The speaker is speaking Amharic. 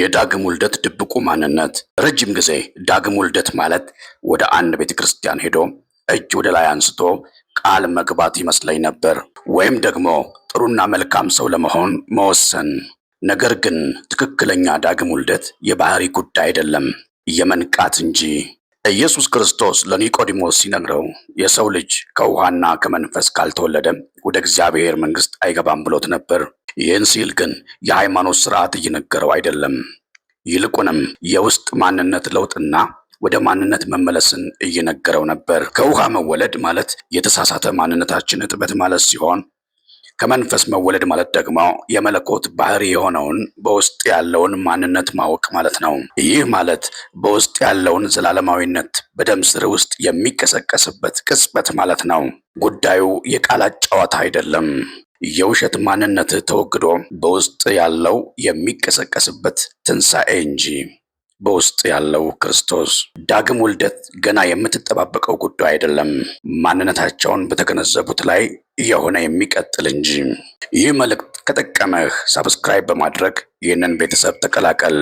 የዳግም ውልደት ድብቁ ማንነት። ረጅም ጊዜ ዳግም ውልደት ማለት ወደ አንድ ቤተ ክርስቲያን ሄዶ እጅ ወደ ላይ አንስቶ ቃል መግባት ይመስለኝ ነበር፣ ወይም ደግሞ ጥሩና መልካም ሰው ለመሆን መወሰን። ነገር ግን ትክክለኛ ዳግም ውልደት የባህሪ ጉዳይ አይደለም፣ የመንቃት እንጂ። ኢየሱስ ክርስቶስ ለኒቆዲሞስ ሲነግረው የሰው ልጅ ከውሃና ከመንፈስ ካልተወለደ ወደ እግዚአብሔር መንግሥት አይገባም ብሎት ነበር። ይህን ሲል ግን የሃይማኖት ስርዓት እየነገረው አይደለም። ይልቁንም የውስጥ ማንነት ለውጥና ወደ ማንነት መመለስን እየነገረው ነበር። ከውሃ መወለድ ማለት የተሳሳተ ማንነታችን እጥበት ማለት ሲሆን ከመንፈስ መወለድ ማለት ደግሞ የመለኮት ባህሪ የሆነውን በውስጥ ያለውን ማንነት ማወቅ ማለት ነው። ይህ ማለት በውስጥ ያለውን ዘላለማዊነት በደም ስር ውስጥ የሚቀሰቀስበት ቅጽበት ማለት ነው። ጉዳዩ የቃላት ጨዋታ አይደለም። የውሸት ማንነት ተወግዶ በውስጥ ያለው የሚቀሰቀስበት ትንሣኤ እንጂ በውስጥ ያለው ክርስቶስ ዳግም ውልደት ገና የምትጠባበቀው ጉዳይ አይደለም። ማንነታቸውን በተገነዘቡት ላይ የሆነ የሚቀጥል እንጂ። ይህ መልእክት ከጠቀመህ ሳብስክራይብ በማድረግ ይህንን ቤተሰብ ተቀላቀል።